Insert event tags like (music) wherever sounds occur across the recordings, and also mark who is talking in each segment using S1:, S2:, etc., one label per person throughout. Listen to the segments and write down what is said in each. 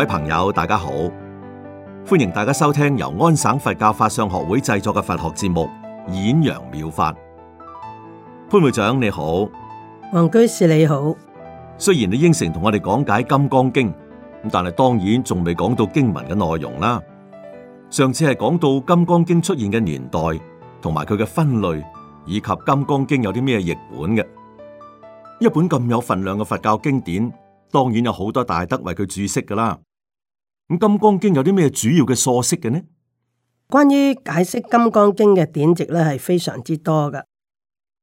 S1: 各位朋友，大家好！歡迎大家收聽由安省佛教法相學會製作嘅佛學節目《演揚妙法》。潘會長你好，
S2: 王居士你好。
S1: 雖然你應承同我哋講解《金剛經》，但係當然仲未講到經文嘅內容啦。上次係講到《金剛經》出現嘅年代，同埋佢嘅分類，以及《金剛經》有啲咩譯本嘅。一本咁有份量嘅佛教經典，當然有好多大德為佢注釋噶啦。咁《金剛經》有啲咩主要嘅疏釋嘅呢？
S2: 關於解釋《金剛經》嘅典籍咧，係非常之多嘅，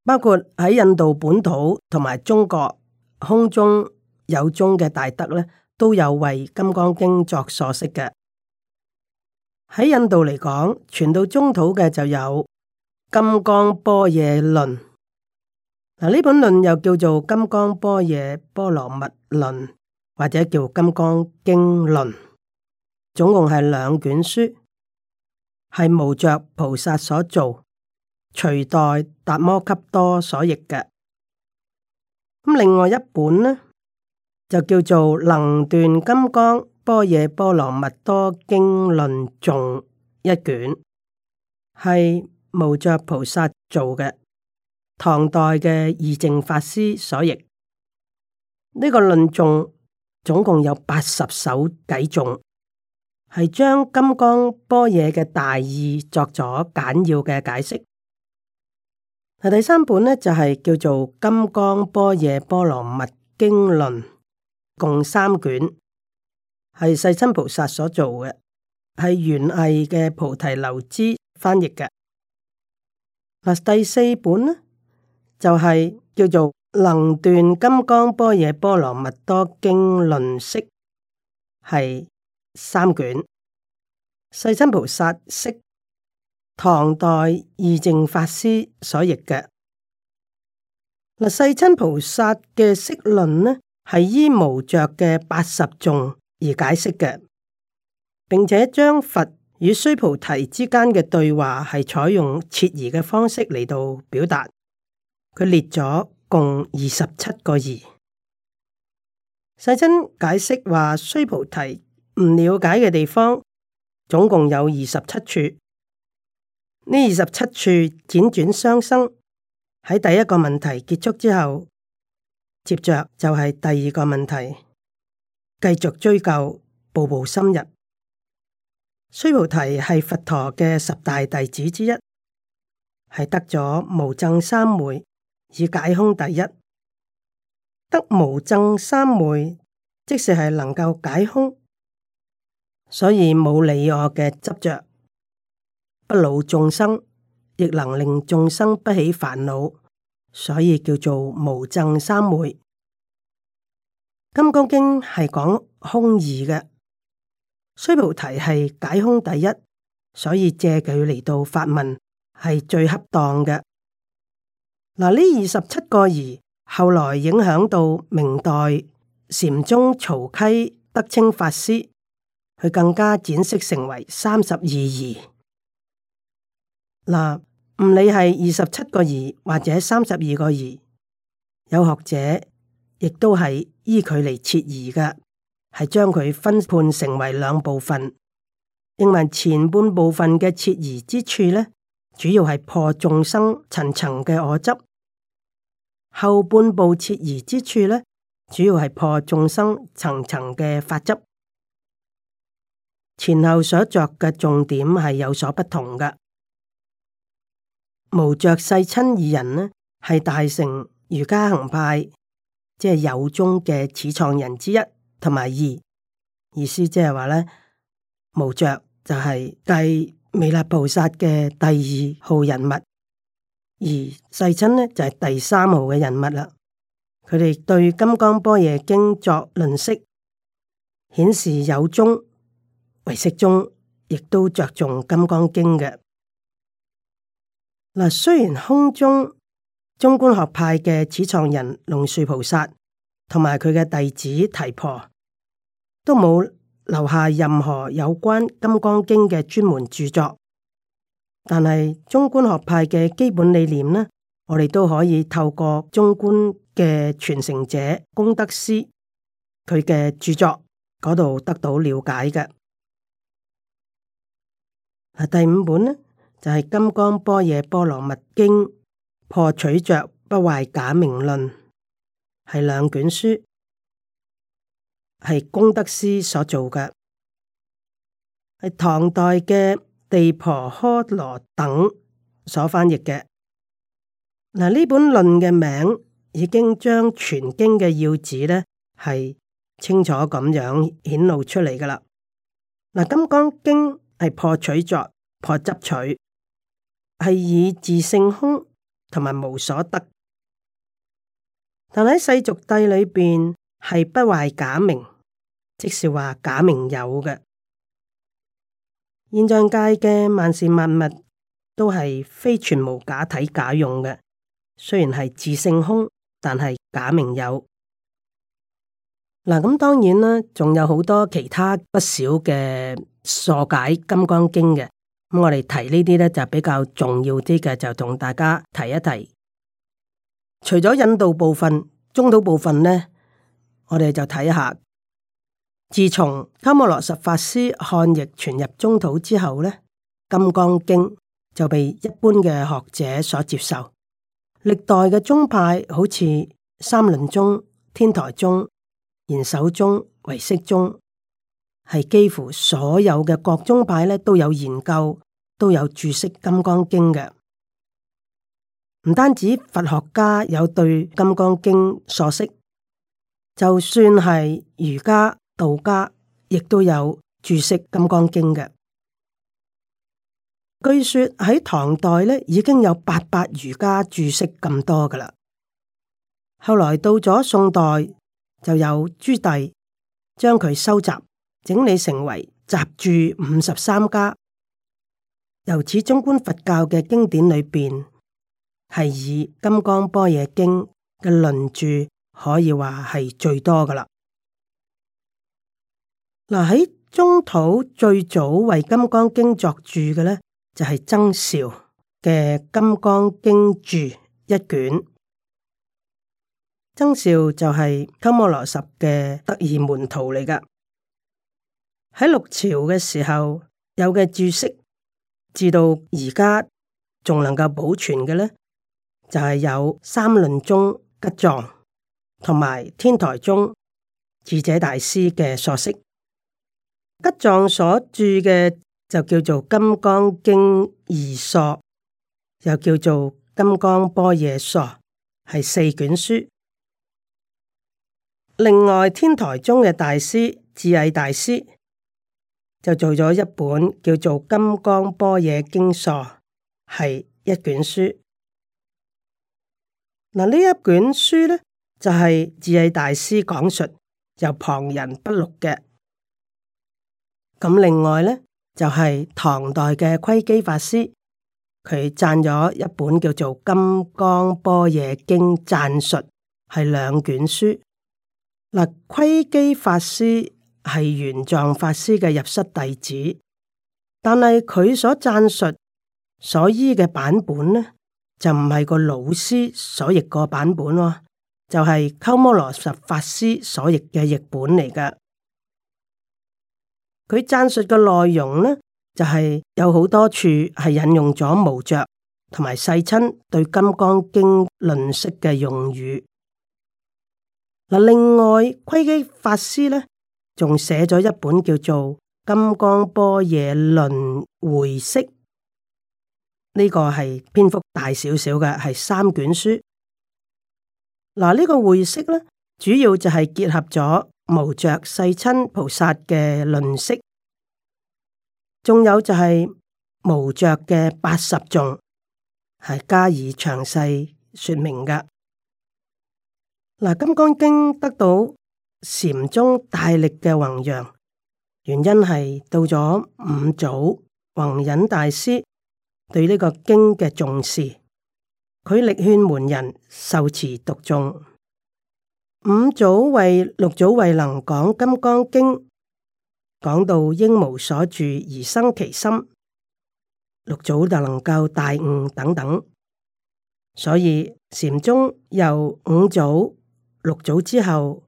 S2: 包括喺印度本土同埋中國空中有宗嘅大德咧，都有為《金剛經》作疏釋嘅。喺印度嚟講，傳到中土嘅就有金剛《金剛般若論》，嗱呢本論又叫做《金剛般若波羅蜜論》，或者叫金剛《金剛經論》。總共係兩卷書，係無著菩薩所做，隋代達摩笈多所譯嘅。咁另外一本呢，就叫做《能斷金剛般若波羅蜜多經論頌》一卷，係無著菩薩做嘅，唐代嘅義淨法師所譯。呢、這個論頌總共有八十首偈頌。係將金剛般若嘅大意作咗簡要嘅解釋。第三本呢，就係、是、叫做《金剛般若波羅蜜經論》，共三卷，係世親菩薩所做嘅，係元魏嘅菩提流支翻譯嘅。嗱，第四本呢，就係、是、叫做《能斷金剛般若波羅蜜多經論釋》，係。三卷《世親菩薩釋》，唐代義淨法師所譯嘅。嗱，《世親菩薩嘅釋論》呢係依無着嘅八十頌而解釋嘅，並且將佛與須菩提之間嘅對話係採用切疑嘅方式嚟到表達。佢列咗共二十七個疑。世親解釋話須菩提。唔了解嘅地方總共有二十七處，呢二十七處輾轉相生。喺第一個問題結束之後，接着就係第二個問題，繼續追究，步步深入。須菩提係佛陀嘅十大弟子之一，係得咗無證三昧以解空第一。得無證三昧，即使係能夠解空。所以冇你我嘅執着，不老眾生亦能令眾生不起煩惱，所以叫做無諍三昧。金剛經係講空義嘅，須菩提係解空第一，所以借佢嚟到發問係最恰當嘅。嗱，呢二十七個疑後來影響到明代禪宗曹溪德清法師。佢更加展釋成為三十二義，嗱，唔理係二十七個義或者三十二個義，有學者亦都係依佢嚟切義噶，係將佢分判成為兩部分，因為前半部分嘅切義之處咧，主要係破眾生層層嘅我執；後半部切義之處咧，主要係破眾生層層嘅法執。前後所作嘅重點係有所不同嘅。無著、世親二人呢係大乘瑜伽行派即係有宗嘅始創人之一同埋二，意思即係話呢無著就係繼彌勒菩薩嘅第二號人物，而世親呢就係、是、第三號嘅人物啦。佢哋對金剛般般《金剛般若經》作論釋，顯示有宗。唯識宗亦都着重金剛經嘅嗱。雖然空中中觀學派嘅始創人龍樹菩薩同埋佢嘅弟子提婆都冇留下任何有關金剛經嘅專門著作，但係中觀學派嘅基本理念呢，我哋都可以透過中觀嘅傳承者功德師佢嘅著作嗰度得到了解嘅。第五本呢，就係、是《金剛般若波羅蜜經》，破取着不壞假名論，係兩卷書，係功德師所做嘅，係唐代嘅地婆訶羅等所翻譯嘅。嗱，呢本論嘅名已經將全經嘅要旨呢係清楚咁樣顯露出嚟噶啦。嗱，《金剛經》。係破取，作破執取，係以自性空同埋無所得。但喺世俗諦裏邊，係不壞假名，即是話假名有嘅。現象界嘅萬事萬物，物都係非全無假體假用嘅，雖然係自性空，但係假名有。嗱，咁當然啦，仲有好多其他不少嘅。疏解金剛《金剛經》嘅，我哋提呢啲咧就比較重要啲嘅，就同大家提一提。除咗印度部分，中土部分咧，我哋就睇下。自從《鳩摩羅什法師漢譯傳入中土》之後咧，《金剛經》就被一般嘅學者所接受。歷代嘅宗派，好似三論宗、天台宗、賢首宗、唯識宗。係幾乎所有嘅各宗派咧都有研究，都有注釋《金剛經》嘅。唔單止佛學家有對《金剛經》所釋，就算係儒家、道家，亦都有注釋《金剛經》嘅。據說喺唐代咧已經有八百餘家注釋咁多噶啦。後來到咗宋代，就有朱棣將佢收集。整理成為集注五十三家，由此中觀佛教嘅經典裏邊，係以《金剛般若經》嘅論著可以話係最多噶喇。嗱、啊、喺中土最早為《金剛經》作注嘅咧，就係、是、僧肇嘅《金剛經注》一卷。僧肇就係鳩摩羅什嘅得意門徒嚟噶。喺六朝嘅時候，有嘅注釋至到而家仲能夠保存嘅咧，就係、是、有三論宗吉藏同埋天台宗智者大師嘅所釋。吉藏所注嘅就叫做《金剛經二疏》，又叫做《金剛般若疏》，係四卷書。另外天台宗嘅大師智慧大師。就做咗一本叫做《金剛般若經疏》，係一卷書。嗱，呢一卷書咧就係、是、智慧大師講述，由旁人筆錄嘅。咁另外咧就係、是、唐代嘅窺基法師，佢撰咗一本叫做《金剛般若經讚述》，係兩卷書。嗱，窺基法師。係玄奘法師嘅入室弟子，但係佢所贊述所依嘅版本呢，就唔係個老師所譯個版本咯，就係鳩摩羅什法師所譯嘅譯本嚟噶。佢贊述嘅內容呢，就係、是、有好多處係引用咗無著同埋世親對金剛經論釋嘅用語。嗱，另外窺基法師呢？仲寫咗一本叫做《金剛般若論會釋》，呢、這個係篇幅大少少嘅，係三卷書。嗱、這個，呢個會釋咧，主要就係結合咗無着世親菩薩嘅論釋，仲有就係無着嘅八十頌，係加以詳細說明嘅。嗱，《金剛經》得到禪宗大力嘅弘揚，原因係到咗五祖弘忍大師對呢個經嘅重視，佢力勸門人受持讀誦。五祖為六祖惠能講金剛經，講到應無所住而生其心，六祖就能夠大悟等等。所以禪宗由五祖六祖之後，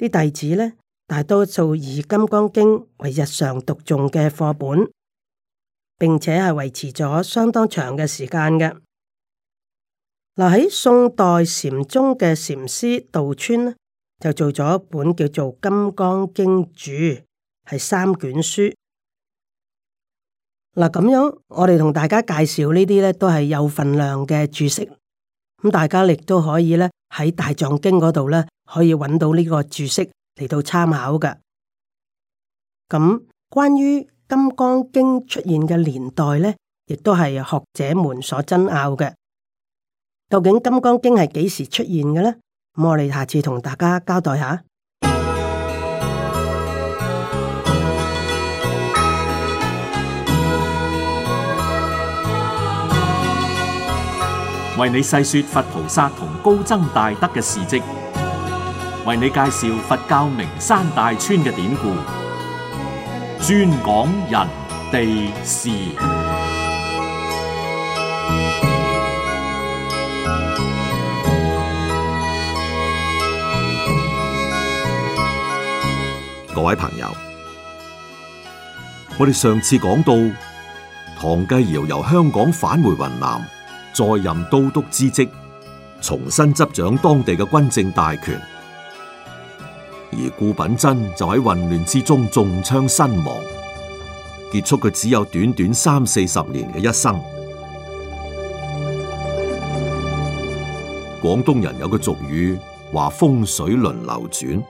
S2: 啲弟子咧，大多數以《金剛經》為日常讀誦嘅課本，並且係維持咗相當長嘅時間嘅。嗱、啊、喺宋代禪宗嘅禪師道川呢，就做咗一本叫做《金剛經註》，係三卷書。嗱、啊、咁樣，我哋同大家介紹呢啲咧，都係有份量嘅注釋。咁大家亦都可以咧喺《大藏經》嗰度咧，可以揾到呢個注釋嚟到參考嘅。咁關於《金剛經》出現嘅年代咧，亦都係學者們所爭拗嘅。究竟《金剛經》係幾時出現嘅咧？咁我哋下次同大家交代下。
S1: 為你細說佛菩薩同高僧大德嘅事跡。為你介紹佛教名山大川嘅典故，專講人地事。各位朋友，我哋上次講到，唐繼堯由香港返回雲南，再任都督之職，重新執掌當地嘅軍政大權。而顧品珍就喺混亂之中中槍身亡，結束佢只有短短三四十年嘅一生。廣東人有個俗語話風水輪流轉，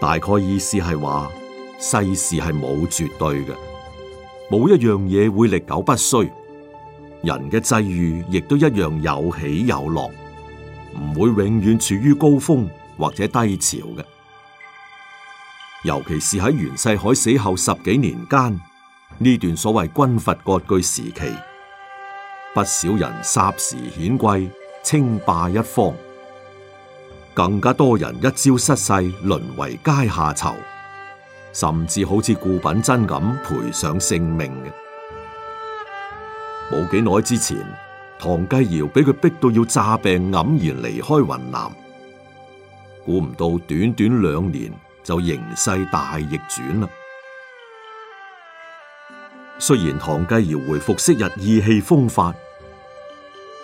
S1: 大概意思係話世事係冇絕對嘅，冇一樣嘢會歷久不衰。人嘅際遇亦都一樣，有起有落，唔會永遠處於高峰。或者低潮嘅，尤其是喺袁世凱死後十幾年間，呢段所謂軍閥割據時期，不少人霎時顯貴，稱霸一方；更加多人一朝失勢，淪為階下囚，甚至好似顧品珍咁賠上性命嘅。冇幾耐之前，唐繼堯俾佢逼到要詐病黯然離開雲南。估唔到短短兩年就形勢大逆轉啦！雖然唐繼堯回復昔日意氣風發，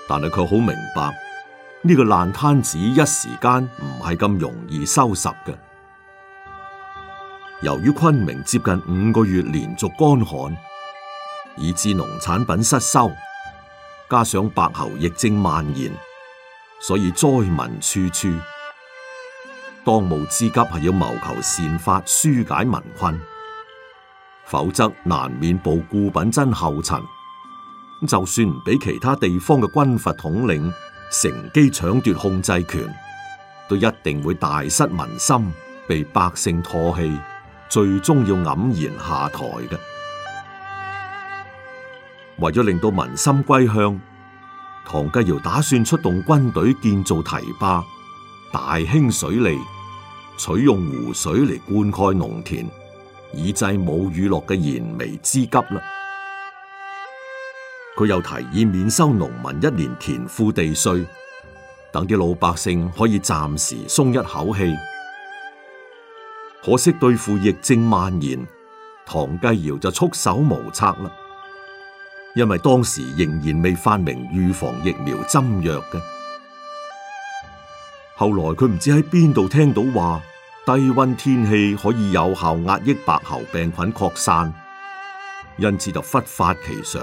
S1: 但係佢好明白呢個爛攤子一時間唔係咁容易收拾嘅。由於昆明接近五個月連續乾旱，以致農產品失收，加上白喉疫症蔓延，所以災民處處。當務之急係要謀求善法，紓解民困，否則難免步顧品珍後塵。咁就算唔俾其他地方嘅軍閥統領，乘機搶奪控制權，都一定會大失民心，被百姓唾棄，最終要黯然下台嘅。為咗令到民心歸向，唐繼堯打算出動軍隊建造堤壩，大興水利。取用湖水嚟灌溉農田，以制冇雨落嘅燃眉之急啦。佢又提議免收農民一年田賦地稅，等啲老百姓可以暫時鬆一口氣。可惜對付疫症蔓延，唐繼堯就束手無策啦，因為當時仍然未發明預防疫苗針藥嘅。後來佢唔知喺邊度聽到話低温天氣可以有效壓抑白喉病菌擴散，因此就忽發奇想，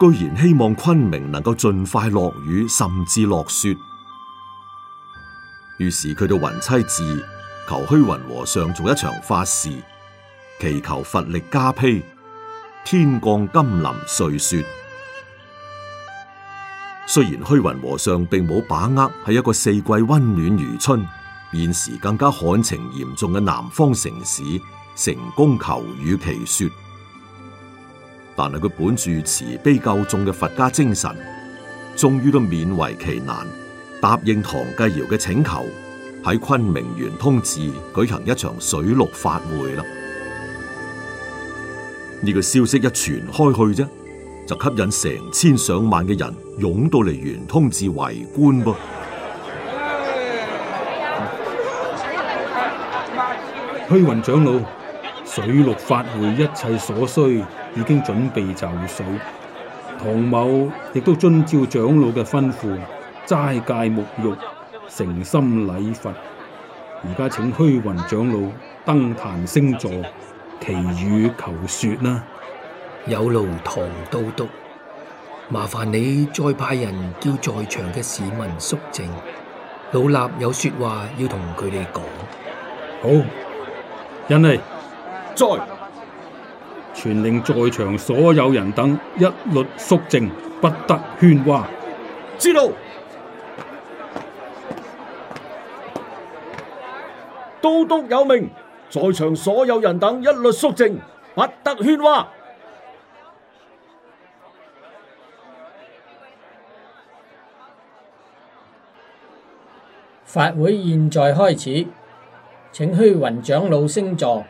S1: 居然希望昆明能夠盡快落雨，甚至落雪。於是佢到雲棲寺求虛雲和尚做一場法事，祈求佛力加被，天降甘霖瑞雪。雖然虛雲和尚並冇把握喺一個四季溫暖如春、現時更加旱情嚴重嘅南方城市成功求雨祈雪，但係佢本住慈悲救眾嘅佛家精神，終於都勉為其難答應唐繼堯嘅請求，喺昆明圓通寺舉行一場水陸法會啦。呢個消息一傳開去啫。就吸引成千上萬嘅人湧到嚟圓通寺圍觀噃。虛雲長老，水陸法會
S3: 一切所需已經準備就緒，唐某亦都遵照長老嘅吩咐齋戒沐浴，誠心禮佛。而家請虛雲長老登壇升座，祈雨求雪
S4: 啦。有勞唐都督，麻煩你再派人叫在場嘅市民肅靜，老衲有說話要同佢哋講。好，仁嚟，在再，
S3: 全令在場所有人等一律肅靜，不得喧
S1: 嘩。知道。都督有命，在場所有人等一律肅靜，不得喧嘩。
S4: 法會現在開始，請虛雲長老升座。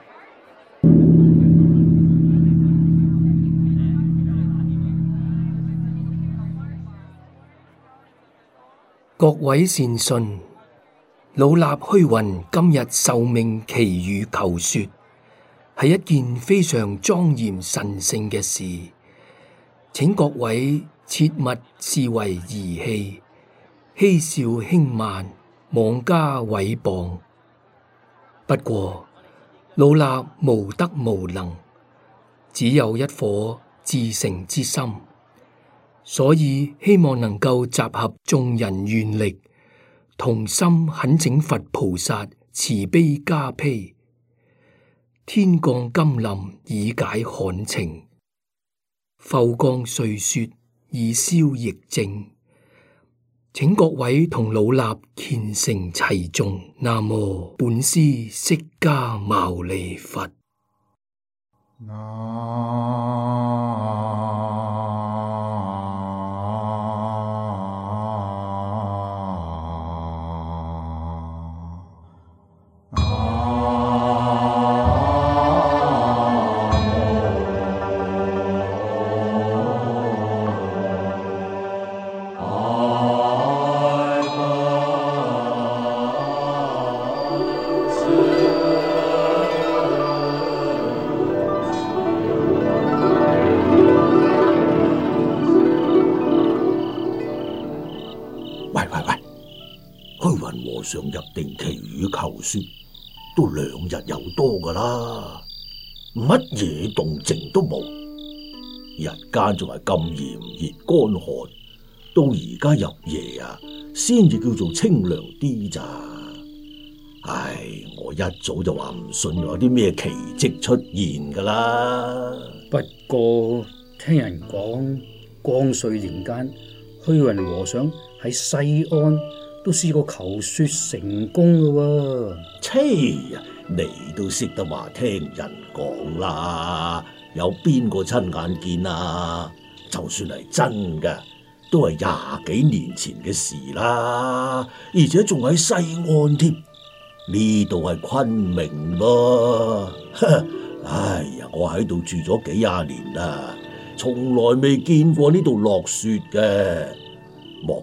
S4: 各位善信，老衲虛雲今日受命祈雨求雪，係一件非常莊嚴神聖嘅事。請各位切勿視為兒戲，嬉笑輕慢。妄加毀謗。不過老衲無德無能，只有一顆至誠之心，所以希望能夠集合眾人願力，同心懇請佛菩薩慈悲加披，天降甘霖以解旱情，普降瑞雪以消疫症。請各位同老衲虔誠齊誦，南無本師釋迦牟尼佛。 (noise)
S1: 和尚入定祈雨求雪都兩日有多噶啦，乜嘢動靜都冇，日間仲係咁炎熱乾旱，到而家入夜啊，先至叫做清涼啲咋。唉，我一早就話唔信有啲咩奇跡出現噶啦。不過聽人講光緒年間
S4: 虛雲和尚喺西安。都試過求雪成功噶
S1: 喎。啊！黐呀！你都識得話聽人講啦，有邊個親眼見啊？就算係真嘅，都係廿幾年前嘅事啦，而且仲喺西安添。呢度係昆明咯。哎呀，我喺度住咗幾廿年啦，從來未見過呢度落雪嘅。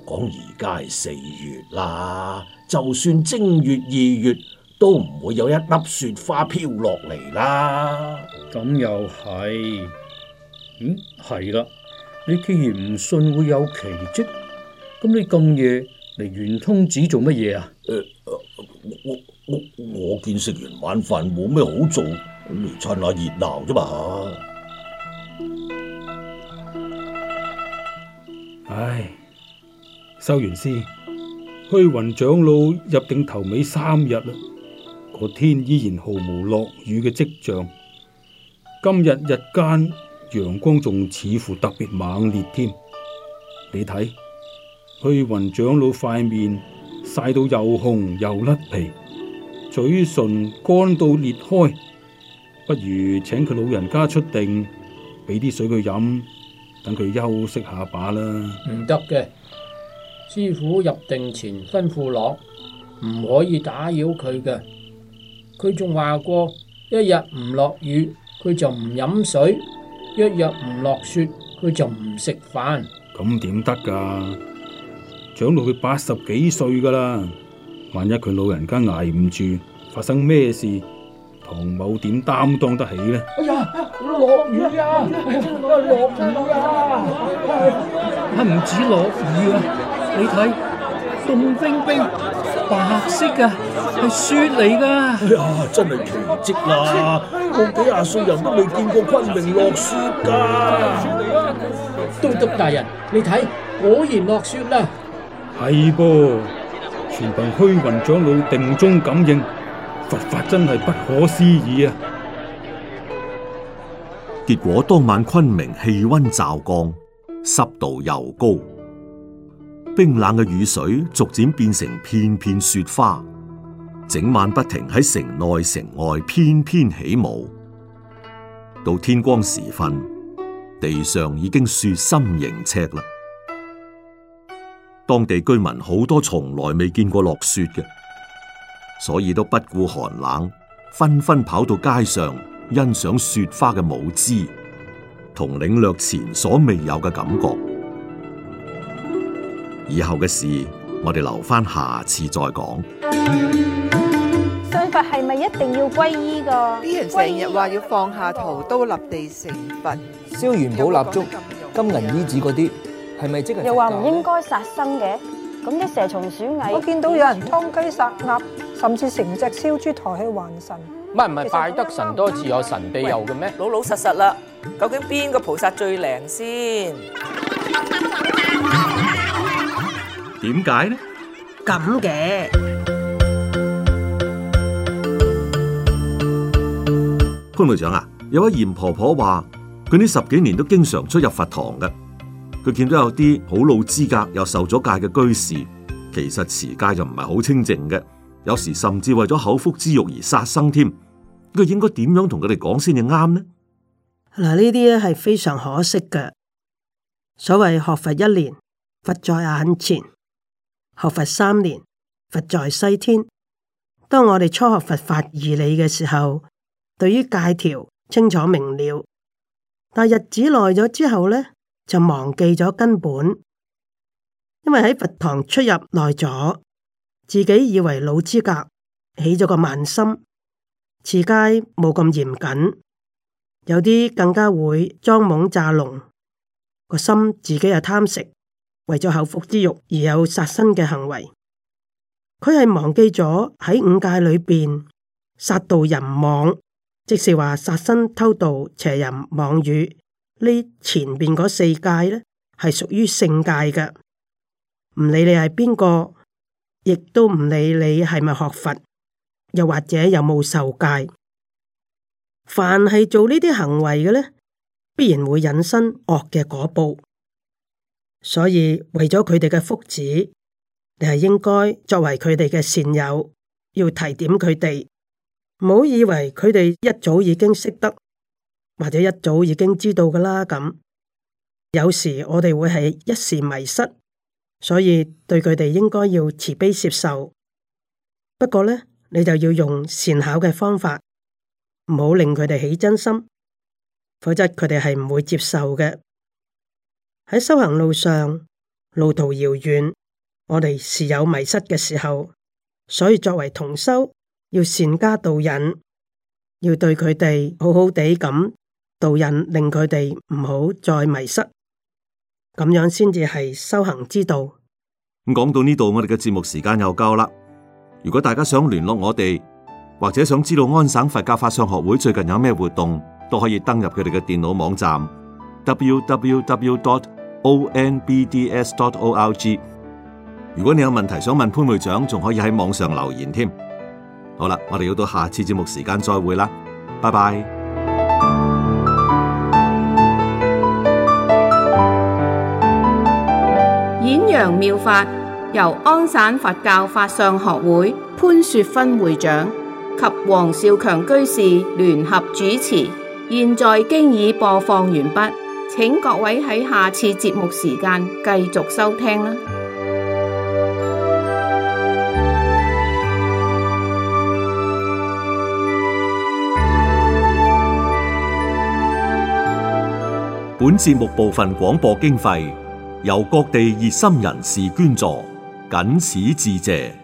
S1: 講而家係四月啦，就算正月二月都唔會有一粒雪花飄落嚟啦。咁又係，嗯，係啦。你既然唔信會有奇蹟，咁你咁夜嚟圓通寺做乜嘢啊？誒誒，我我我，我見食完晚飯冇咩好做，嚟趁下熱鬧啫嘛。唉。
S3: 修完師，虛雲長老入定頭尾三日啦，個天依然毫無落雨嘅跡象。今日日間陽光仲似乎特別猛烈添，你睇虛雲長老塊面曬到又紅又甩皮，嘴唇乾到裂開，不如請佢老人家出定，俾啲水佢飲，等佢休息下把啦。
S4: 唔得嘅。師傅入定前吩咐落，唔可以打擾佢嘅。佢仲話過：「一日唔落雨，佢就唔飲水；一日唔落雪，佢就唔食飯。
S3: 咁點得㗎？長到佢八十幾歲㗎啦！萬一佢老人家捱唔住，發生咩事，唐某點擔當得起咧？哎
S4: 呀！啊！啊！哎呀！落雨呀！落雨呀！係唔止落雨啊！你睇，凍冰冰，白色噶係雪嚟噶哎呀，真係奇蹟啦！我幾廿歲人都未見過昆明落雪噶都督大人，你睇，果然落雪啦。
S3: 係噃，全憑虛雲長老定中感應，
S1: 佛法真係不可思議啊！結果當晚昆明氣溫驟降，濕度又高。冰冷嘅雨水逐漸變成片片雪花，整晚不停喺城內城外翩翩起舞。到天光時分，地上已經雪心形赤雪深盈尺啦。當地居民好多從來未見過落雪嘅，所以都不顧寒冷，紛紛跑到街上欣賞雪花嘅舞姿，同領略前所未有嘅感覺。以後嘅事，我哋留翻下，下次再講。
S4: 信佛係咪一定要皈依㗎？呢人成日話要放下屠刀立地成佛，燒元寶、蠟燭、金銀衣紙嗰啲，係咪、啊、即係？又話唔
S2: 應該殺生嘅，咁啲蛇蟲鼠蟻，我見到有人劏、嗯、雞殺鴨，甚至成隻燒豬抬去還神。唔
S4: 係唔係，唔係唔係拜得神多自有神庇佑嘅咩？嗯、老老實實啦，究竟邊個菩薩最靈先？
S1: 點解呢？
S2: 咁嘅
S1: 潘道長啊，有位嚴婆婆話佢呢，十幾年都經常出入佛堂嘅，佢見到有啲好老資格又受咗戒嘅居士，其實持戒就唔係好清淨嘅，有時甚至為咗口腹之欲而殺生添。佢應該點樣同佢哋講先至啱呢？
S2: 嗱，呢啲咧係非常可惜嘅。所謂學佛一年，佛在眼前。學佛三年，佛在西天。當我哋初學佛法義理嘅時候，對於戒條清楚明了。但日子耐咗之後呢，就忘記咗根本。因為喺佛堂出入耐咗，自己以為老資格，起咗個慢心，持戒冇咁嚴謹，有啲更加會裝懵詐聾，個心自己又貪食。為咗口腹之欲而有殺生嘅行為，佢係忘記咗喺五戒裏邊殺盜淫妄，即是話殺生偷盜、邪淫妄語呢，前邊嗰四戒呢係屬於性戒嘅，唔理你係邊個，亦都唔理你係咪學佛，又或者有冇受戒，凡係做呢啲行為嘅呢，必然會引申惡嘅果報。所以為咗佢哋嘅福祉，你係應該作為佢哋嘅善友，要提點佢哋，唔好以為佢哋一早已經識得，或者一早已經知道噶啦咁。有時我哋會係一時迷失，所以對佢哋應該要慈悲接受。不過呢，你就要用善巧嘅方法，唔好令佢哋起瞋心，否則佢哋係唔會接受嘅。喺修行路上，路途遙遠，我哋是有迷失嘅時候，所以作為同修，要善加導引，要對佢哋好好地咁導引，令佢哋唔好再迷失，咁樣先至係修行之道。咁
S1: 講到呢度，我哋嘅節目時間又夠啦。如果大家想聯絡我哋，或者想知道安省佛教法相學會最近有咩活動，都可以登入佢哋嘅電腦網站 www. ONBDS.OLG，如果你有問題想問潘會長，仲可以喺網上留言添。好啦，我哋要到下次節目時間再會啦，拜拜。
S4: 演揚妙法由安省佛教法相學會潘雪芬會長及黃少強居士聯合主持，現在經已播放完畢。請各位喺下次節目時間繼續收聽啦。
S1: 本節目部分廣播經費由各地熱心人士捐助，謹此致謝。